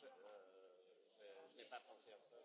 je, je, je n'ai pas pensé à ça.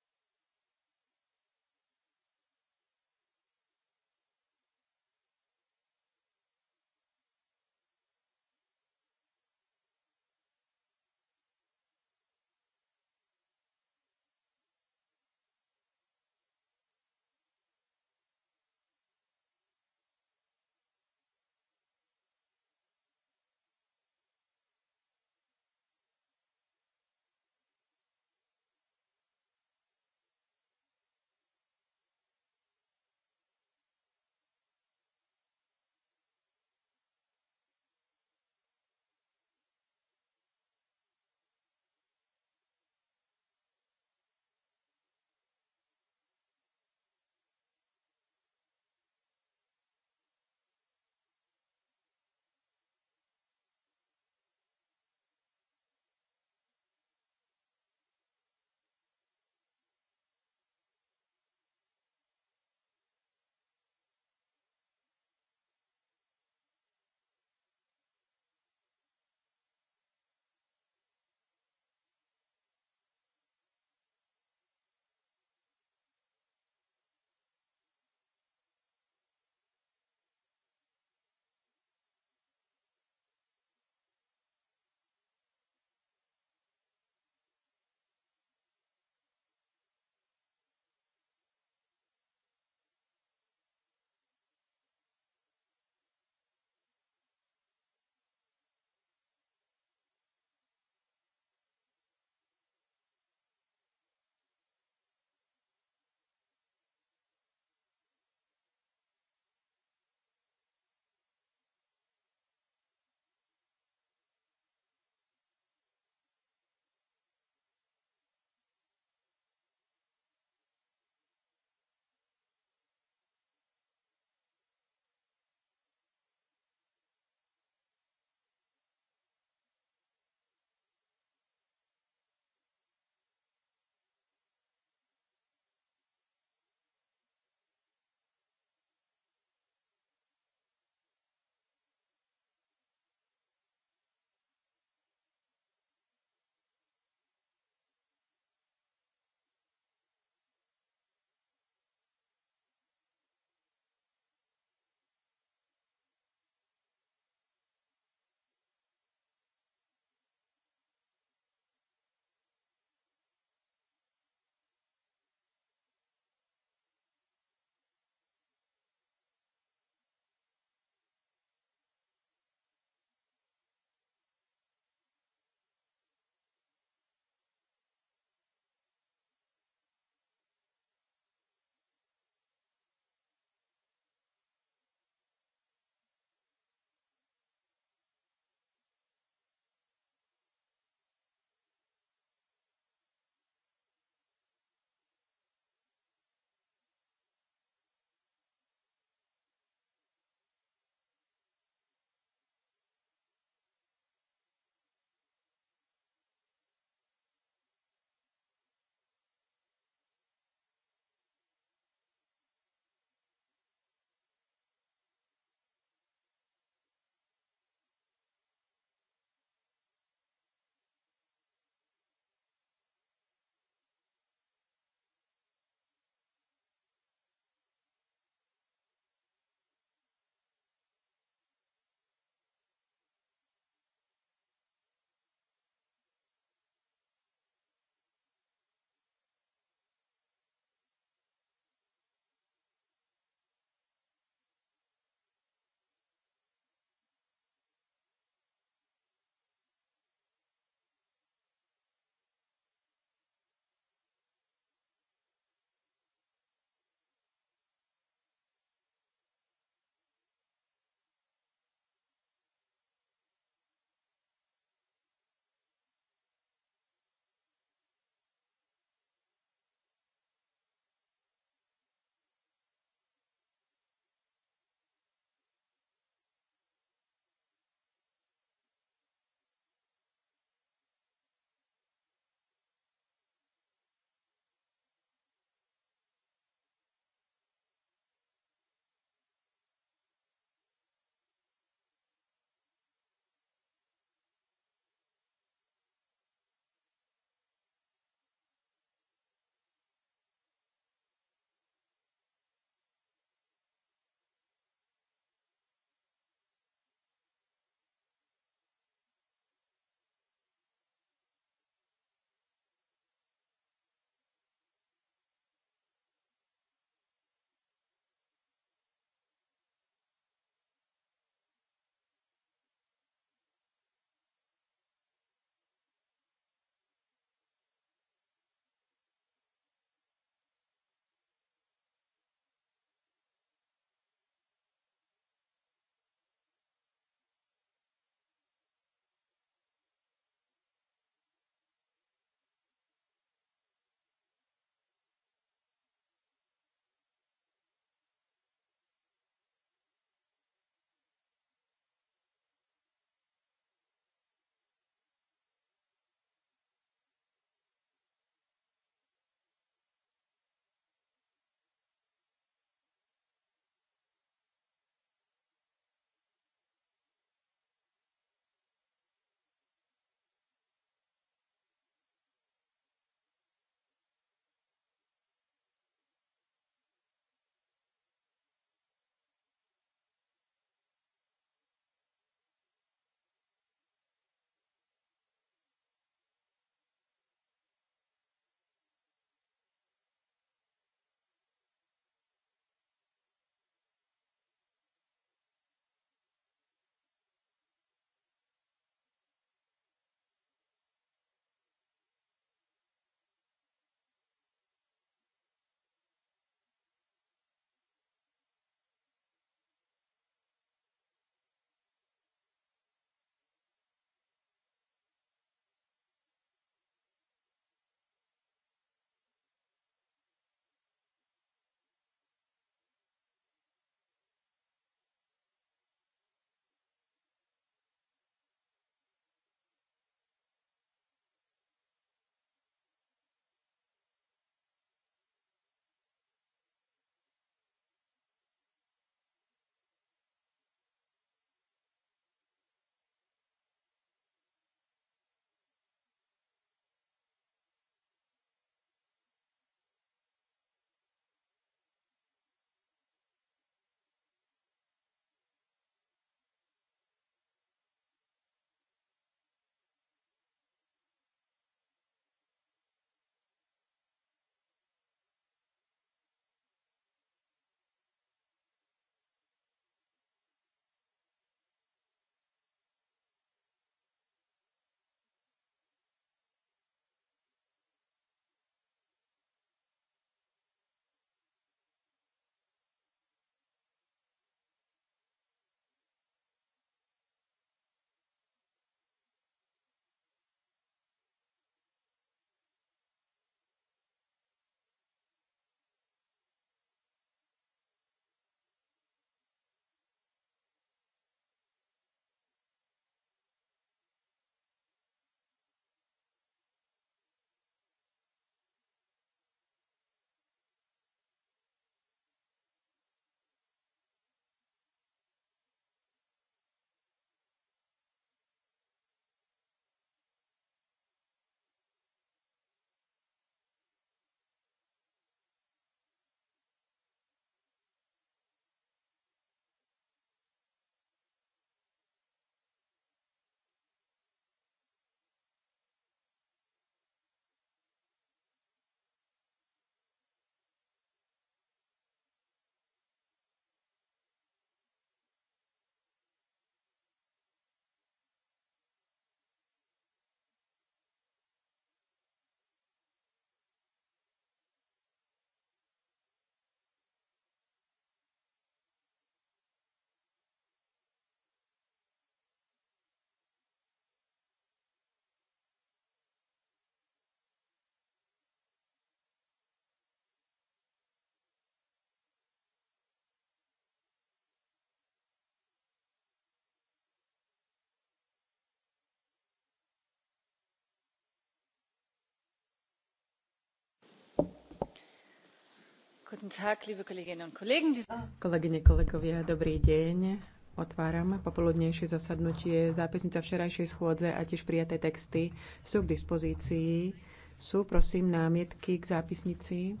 Kolegyne, kolegovia, dobrý deň. Otváram popoludnejšie zasadnutie. Zápisnica včerajšej schôdze a tiež prijaté texty sú k dispozícii. Sú, prosím, námietky k zápisnici?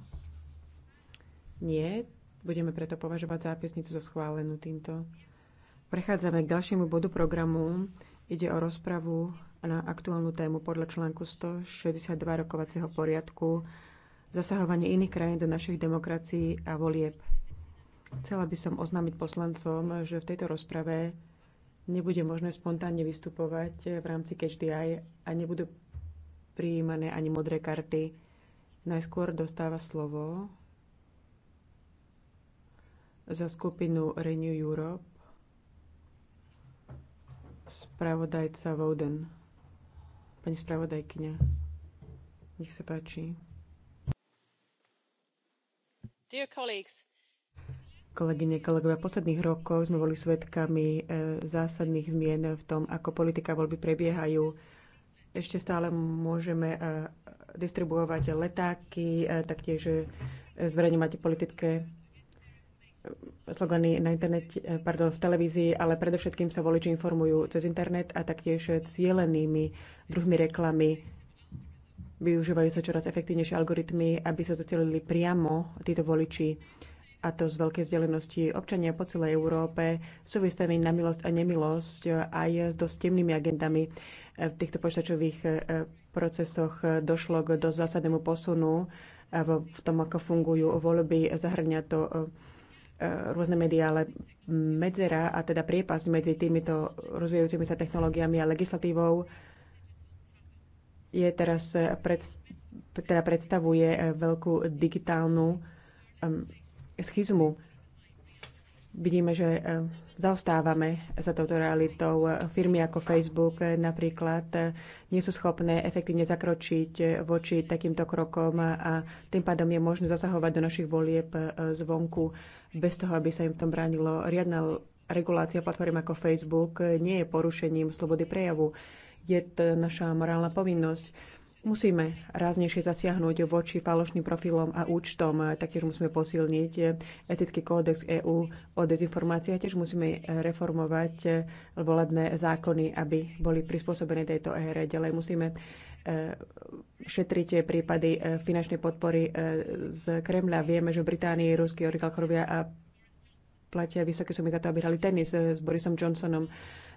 Nie. Budeme preto považovať zápisnicu za schválenú týmto. Prechádzame k ďalšiemu bodu programu. Ide o rozpravu na aktuálnu tému podľa článku 162 rokovacieho poriadku zasahovanie iných krajín do našich demokracií a volieb. Chcela by som oznámiť poslancom, že v tejto rozprave nebude možné spontánne vystupovať v rámci Catch the Eye a nebudú prijímané ani modré karty. Najskôr dostáva slovo za skupinu Renew Europe spravodajca Voden. Pani spravodajkyňa, nech sa páči. Kolegyne, kolegovia, v posledných rokoch sme boli svedkami eh, zásadných zmien v tom, ako politika voľby prebiehajú. Ešte stále môžeme eh, distribuovať letáky, eh, taktiež zverejňovať politické slogany na internete, pardon, v televízii, ale predovšetkým sa voliči informujú cez internet a taktiež cielenými druhmi reklamy Využívajú sa čoraz efektívnejšie algoritmy, aby sa zastielili priamo títo voliči a to z veľkej vzdialenosti. Občania po celej Európe sú vystavení na milosť a nemilosť aj s dosť temnými agendami. V týchto počítačových e, procesoch došlo k dosť zásadnému posunu e, v tom, ako fungujú voľby. Zahrňa to e, rôzne médiá, ale medzera a teda priepasť medzi týmito rozvíjajúcimi sa technológiami a legislatívou je teraz eh, pred, teda predstavuje eh, veľkú digitálnu schizmu. Vidíme, že eh, zaostávame za touto realitou. Firmy ako Facebook napríklad nie sú schopné efektívne zakročiť voči takýmto krokom a tým pádom je možné zasahovať do našich volieb zvonku bez toho, aby sa im v tom bránilo. Riadna regulácia platform ako Facebook nie je porušením slobody prejavu. Je to naša morálna povinnosť. Musíme ráznejšie zasiahnuť voči falošným profilom a účtom. Taktiež musíme posilniť etický kódex EÚ o dezinformácii a tiež musíme reformovať volebné zákony, aby boli prispôsobené tejto ére. Ďalej musíme e, šetriť prípady e, finančnej podpory e, z Kremľa. Vieme, že v Británii ruskí oligarchovia platia vysoké sumy za to, aby hrali tenis s Borisom Johnsonom.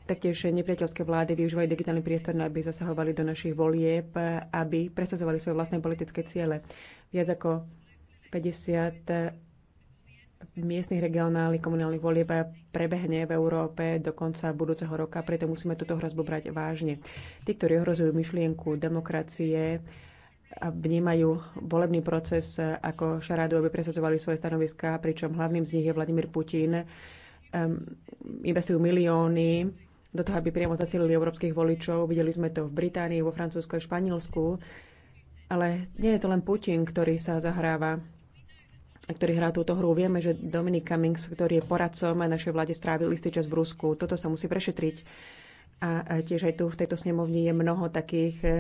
Taktiež nepriateľské vlády využívajú digitálny priestor, aby zasahovali do našich volieb, aby presazovali svoje vlastné politické ciele. Viac ako 50 miestnych regionálnych komunálnych volieb prebehne v Európe do konca budúceho roka, preto musíme túto hrozbu brať vážne. Tí, ktorí ohrozujú myšlienku demokracie, a vnímajú volebný proces ako šarádu, aby presadzovali svoje stanoviská, pričom hlavným z nich je Vladimír Putin. Um, investujú milióny do toho, aby priamo zasilili európskych voličov. Videli sme to v Británii, vo Francúzsku a Španielsku. Ale nie je to len Putin, ktorý sa zahráva a ktorý hrá túto hru. Vieme, že Dominic Cummings, ktorý je poradcom a našej vláde, strávil istý čas v Rusku. Toto sa musí prešetriť. A tiež aj tu v tejto snemovni je mnoho takých, e,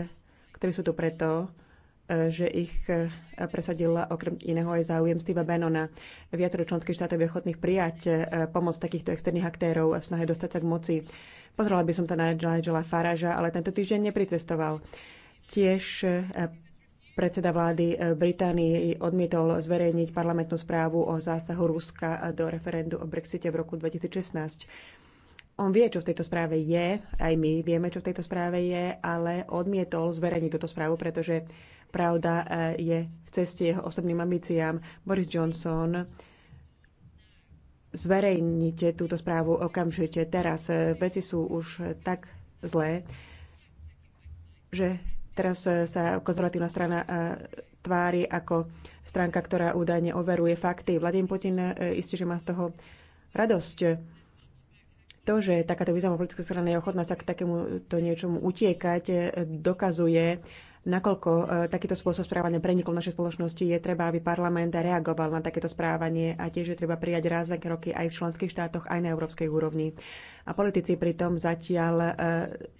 ktorí sú tu preto, e, že ich e, presadila okrem iného aj záujem Steva Bannona. Viacero členských štátov je ochotných prijať pomoc takýchto externých aktérov v snahe dostať sa k moci. Pozrela by som to na Nigela Faraža, ale tento týždeň nepricestoval. Tiež e, predseda vlády e, Británii odmietol zverejniť parlamentnú správu o zásahu Ruska do referendu o Brexite v roku 2016. On vie, čo v tejto správe je, aj my vieme, čo v tejto správe je, ale odmietol zverejniť túto správu, pretože pravda e, je v ceste jeho osobným ambíciám. Boris Johnson zverejnite túto správu okamžite teraz. E, veci sú už tak zlé, že teraz e, sa konzervatívna strana e, tvári ako stránka, ktorá údajne overuje fakty. Vladimír Putin isté, že má z toho radosť. To, že takáto významná politická strana je ochotná sa k takémuto niečomu utiekať, dokazuje, nakoľko e, takýto spôsob správania prenikol v našej spoločnosti, je treba, aby parlament reagoval na takéto správanie a tiež je treba prijať rázne kroky aj v členských štátoch, aj na európskej úrovni a politici pritom zatiaľ e,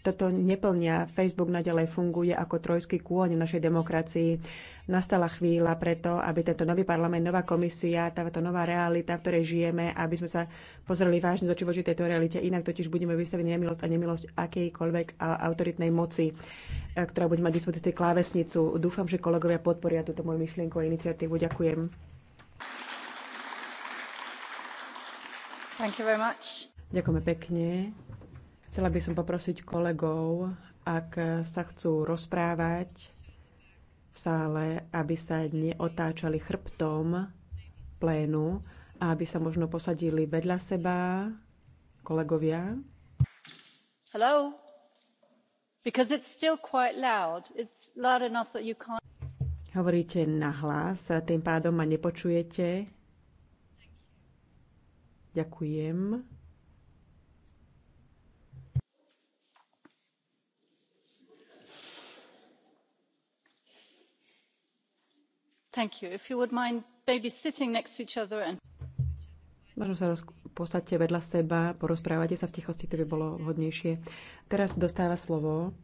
toto neplnia. Facebook nadalej funguje ako trojský kôň v našej demokracii. Nastala chvíľa preto, aby tento nový parlament, nová komisia, táto nová realita, v ktorej žijeme, aby sme sa pozreli vážne zoči voči tejto realite. Inak totiž budeme vystavení nemilosť a nemilosť akejkoľvek autoritnej moci, e, ktorá bude mať dispozície klávesnicu. Dúfam, že kolegovia podporia túto moju myšlienku a iniciatívu. Ďakujem. Thank you very much. Ďakujeme pekne. Chcela by som poprosiť kolegov, ak sa chcú rozprávať v sále, aby sa neotáčali chrbtom plénu a aby sa možno posadili vedľa seba kolegovia. Hello? Because it's still quite loud. It's loud enough that you can't... Hovoríte hlas, tým pádom ma nepočujete. Ďakujem. Možno sa posadte vedľa seba, porozprávate sa v tichosti, to by bolo vhodnejšie. Teraz dostáva slovo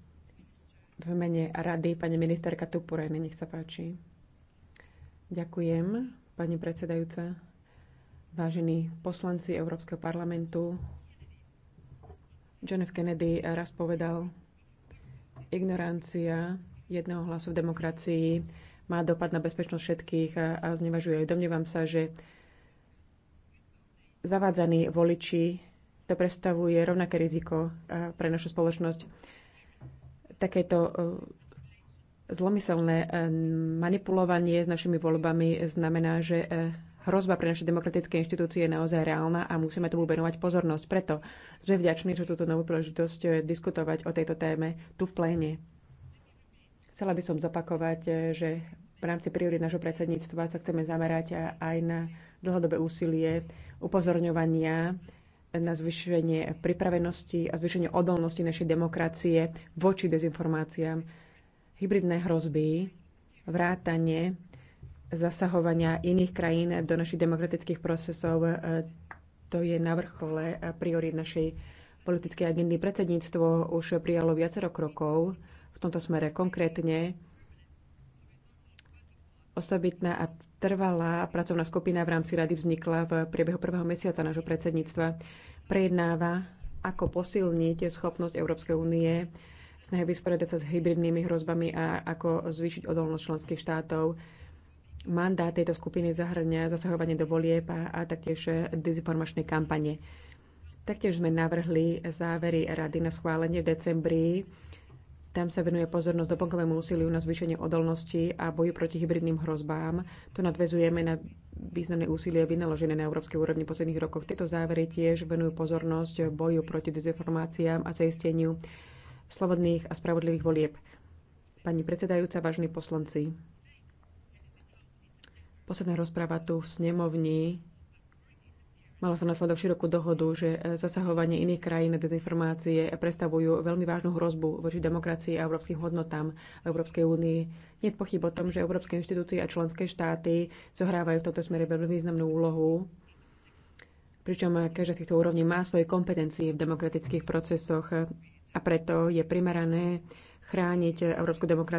v mene rady pani ministerka Tupurajne, nech sa páči. Ďakujem, pani predsedajúca, vážení poslanci Európskeho parlamentu. John F. Kennedy raz povedal, ignorancia jedného hlasu v demokracii má dopad na bezpečnosť všetkých a, a znevažuje. Domnievam sa, že zavádzaní voliči to predstavuje rovnaké riziko pre našu spoločnosť. Takéto e, zlomyselné e, manipulovanie s našimi voľbami znamená, že e, hrozba pre naše demokratické inštitúcie je naozaj reálna a musíme tomu venovať pozornosť. Preto sme vďační za túto novú príležitosť diskutovať o tejto téme tu v pléne. Chcela by som zopakovať, že v rámci priorit nášho predsedníctva sa chceme zamerať aj na dlhodobé úsilie upozorňovania na zvyšenie pripravenosti a zvyšenie odolnosti našej demokracie voči dezinformáciám, hybridné hrozby, vrátanie zasahovania iných krajín do našich demokratických procesov. E, to je na vrchole priorit našej politickej agendy. Predsedníctvo už prijalo viacero krokov v tomto smere konkrétne Osobitná a trvalá pracovná skupina v rámci rady vznikla v priebehu prvého mesiaca nášho predsedníctva. Prejednáva, ako posilniť schopnosť Európskej únie snahy vysporiadať sa s hybridnými hrozbami a ako zvýšiť odolnosť členských štátov. Mandát tejto skupiny zahrňa zasahovanie do volieb a, a taktiež dezinformačnej kampane. Taktiež sme navrhli závery rady na schválenie v decembri tam sa venuje pozornosť doplnkovému úsiliu na zvýšenie odolnosti a boju proti hybridným hrozbám. To nadvezujeme na významné úsilie vynaložené na európskej úrovni posledných rokov. Tieto závery tiež venujú pozornosť boju proti dezinformáciám a zaisteniu slobodných a spravodlivých volieb. Pani predsedajúca, vážni poslanci, posledná rozpráva tu v snemovni Malo sa následok širokú dohodu, že e, zasahovanie iných krajín a dezinformácie predstavujú veľmi vážnu hrozbu voči demokracii a európskym hodnotám v Európskej únii. Nie je pochyb o tom, že európske inštitúcie a členské štáty zohrávajú v tomto smere veľmi významnú úlohu, pričom každá z týchto úrovní má svoje kompetencie v demokratických procesoch a preto je primerané chrániť európsku demokraciu